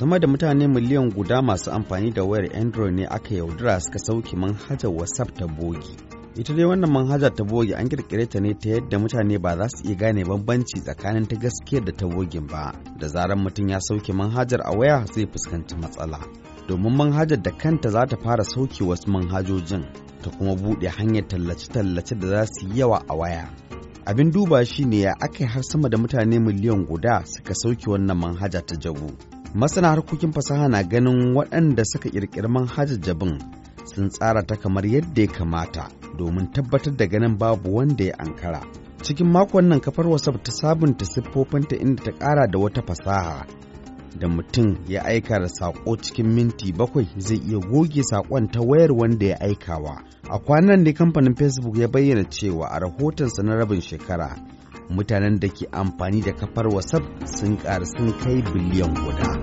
sama da mutane miliyan guda masu amfani da wayar android ne aka yaudara suka sauke manhajar whatsapp ta bogi ita dai wannan manhajar ta bogi an kirkire ta ne ta yadda mutane ba za su iya gane bambanci tsakanin ta gaskiyar da ta bogin ba da zarar mutum ya sauke manhajar a waya zai fuskanci matsala domin manhajar da kanta za ta fara sauke wasu manhajojin ta kuma buɗe hanyar tallace-tallace da za su yi yawa a waya abin duba shi ne ya aka har sama da mutane miliyan guda suka sauke wannan manhaja ta jabu masana harkokin fasaha na ganin waɗanda suka ƙirƙiri manhajar sun tsara ta kamar yadda ya kamata domin tabbatar da ganin babu wanda ya ankara cikin makon nan kafar wasaf ta sabunta siffofinta inda ta ƙara da wata fasaha da mutum ya aika da saƙo cikin minti bakwai zai iya goge saƙon ta wayar wanda ya aikawa a kwanan ne kamfanin facebook ya bayyana cewa a rahotonsa na rabin shekara mutanen da ke amfani da kafar wasaf sun ƙara sun kai biliyan guda.